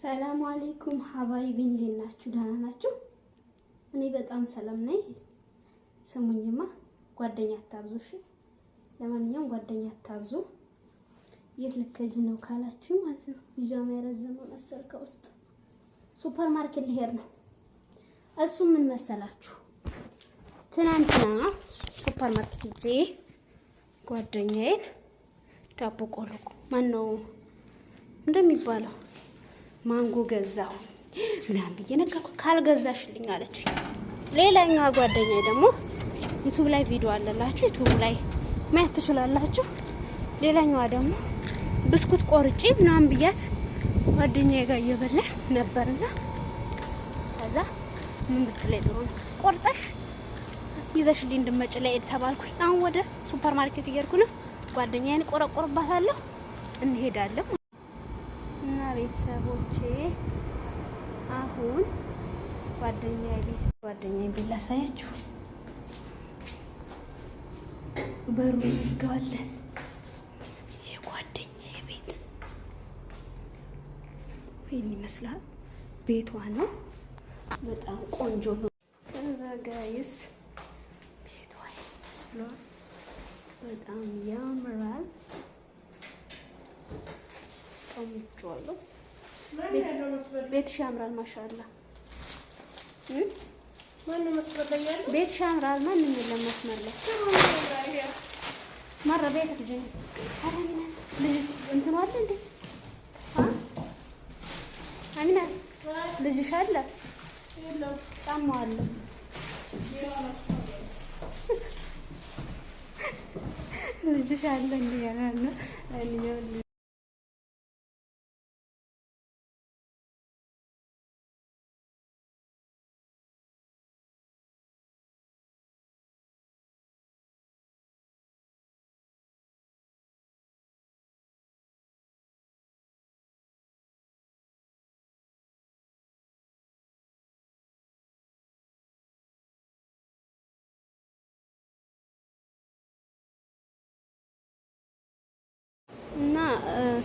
ሰላም አለይኩም ሀባይቢ እንዴት ናችሁ? ደህና ናችሁ? እኔ በጣም ሰላም ነኝ። ስሙኝማ ጓደኛ አታብዙ እሺ። ለማንኛውም ጓደኛ አታብዙ። የት ልከጅ ነው ካላችሁ ማለት ነው ቢጃማ የረዘመ መሰል ከውስጥ ሱፐር ማርኬት ልሄድ ነው። እሱ ምን መሰላችሁ ትናንትና ሱፐር ማርኬት ሂጄ ጓደኛዬን ዳቦ ቆሎ ነው እንደሚባለው ማንጎ ገዛሁ ምናምን ብዬ ነገርኩ። ካልገዛሽልኝ አለች። ሌላኛዋ ጓደኛ ደግሞ ዩቱብ ላይ ቪዲዮ አለላችሁ ዩቱብ ላይ ማየት ትችላላችሁ። ሌላኛዋ ደግሞ ብስኩት ቆርጪ ምናምን ብያት ጓደኛዬ ጋር እየበላን ነበርና ከዛ ምን ብትለይ ጥሩ ነው ቆርጠሽ ይዘሽልኝ እንድመጭ ለኤድ ተባልኩኝ። አሁን ወደ ሱፐር ማርኬት እየሄድኩ ነው። ጓደኛዬን ቆረቆርባታለሁ። እንሄዳለን። ቤተሰቦቼ አሁን ጓደኛ ቤት ጓደኛ ቤት ላሳያችሁ። በሩ እንዝጋዋለን። የጓደኛ ቤት ይህን ይመስላል። ቤቷ ነው። በጣም ቆንጆ ነው። ከዛ ጋይስ ቤቷ ይመስላል በጣም ያምራል። ቀምጬዋለሁ። ቤትሽ ያምራል። ማሻአላ ቤትሽ ያምራል። ማንም የለም መስመር ላይ ማረ ቤት ልጅ እንትን አለ እንዴ አሚና ልጅሽ አለ ጫማ አለ ልጅሽ አለ ያለ ነው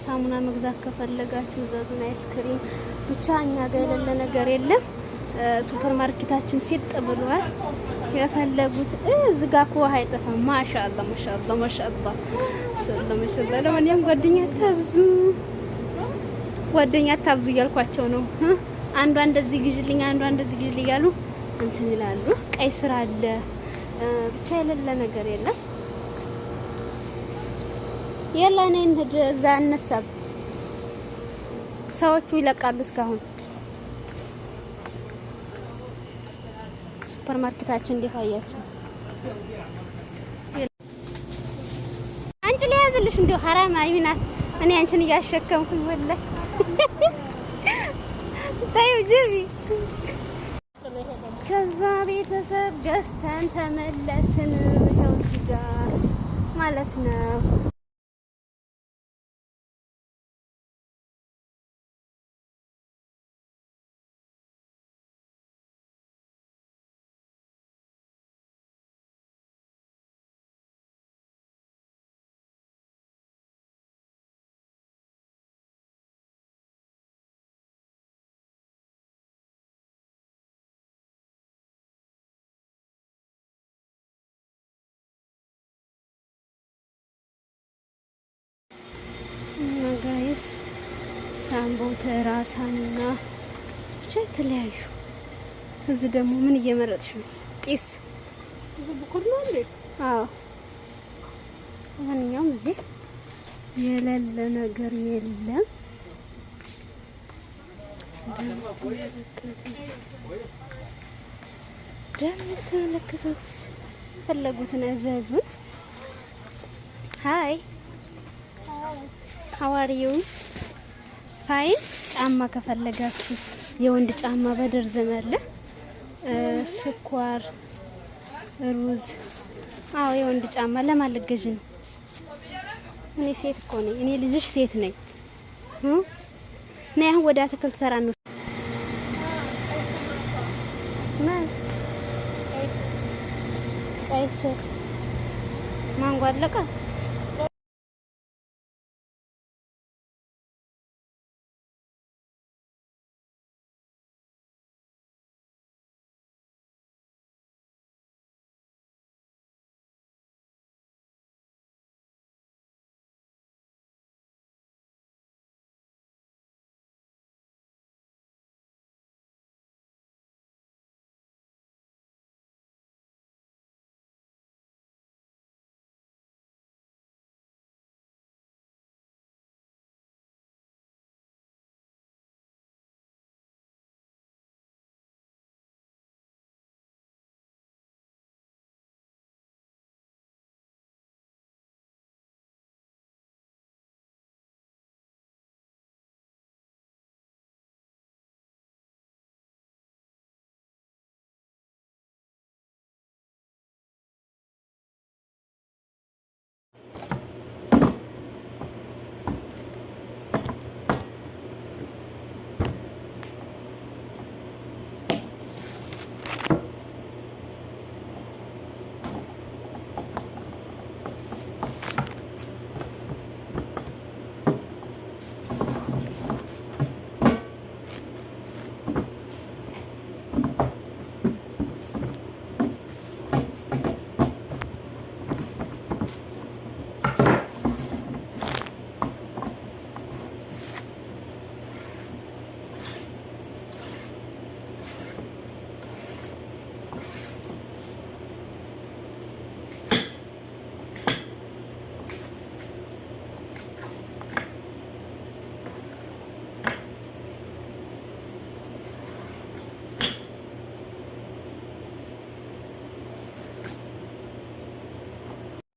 ሳሙና መግዛት ከፈለጋችሁ ዘዙን፣ አይስክሪም ብቻ እኛ ጋር የሌለ ነገር የለም። ሱፐር ማርኬታችን ሲጥ ብሏል። የፈለጉት እዚህ ጋር እኮ ውሃ አይጠፋም። ማሻአላ ማሻአላ ማሻአላ ማሻአላ ማሻአላ። ለማንኛውም ጓደኛ ተብዙ ጓደኛ ታብዙ እያልኳቸው ነው። አንዷ እንደዚህ ግዥልኝ፣ አንዷ እንደዚህ ግዥልኝ እያሉ እንትን ይላሉ። ቀይ ስራ አለ ብቻ የሌለ ነገር የለም። የላ እኔ እዛ እንሳብ። ሰዎቹ ይለቃሉ። እስካሁን ሱፐር ማርኬታችን እንዴት አያችሁ? አንቺ ሊያዝልሽ እንዲሁ ሐራም አይሚናት እኔ አንቺን እያሸከምኩኝ ወላሂ ታዩ ጅቢ ከዛ ቤተሰብ ገዝተን ተመለስን። ይኸው እዚህ ጋር ማለት ነው። ተራሳንና ብቻ የተለያዩ። እዚህ ደግሞ ምን እየመረጥሽ ነው? ጢስ ማንኛውም እዚህ የሌለ ነገር የለም። እንደምትመለከቱት ፈለጉትን እዘዙን። ሀይ ሀዋርዩ ፋይን ጫማ ከፈለጋችሁ የወንድ ጫማ በደርዘን አለ። ስኳር፣ ሩዝ። አዎ የወንድ ጫማ ለማለገዥ ነው። እኔ ሴት እኮ ነኝ። እኔ ልጅሽ ሴት ነኝ። እና አሁን ወደ አትክልት ሰራ ነው ቀይስ ማንጓ አለቀ።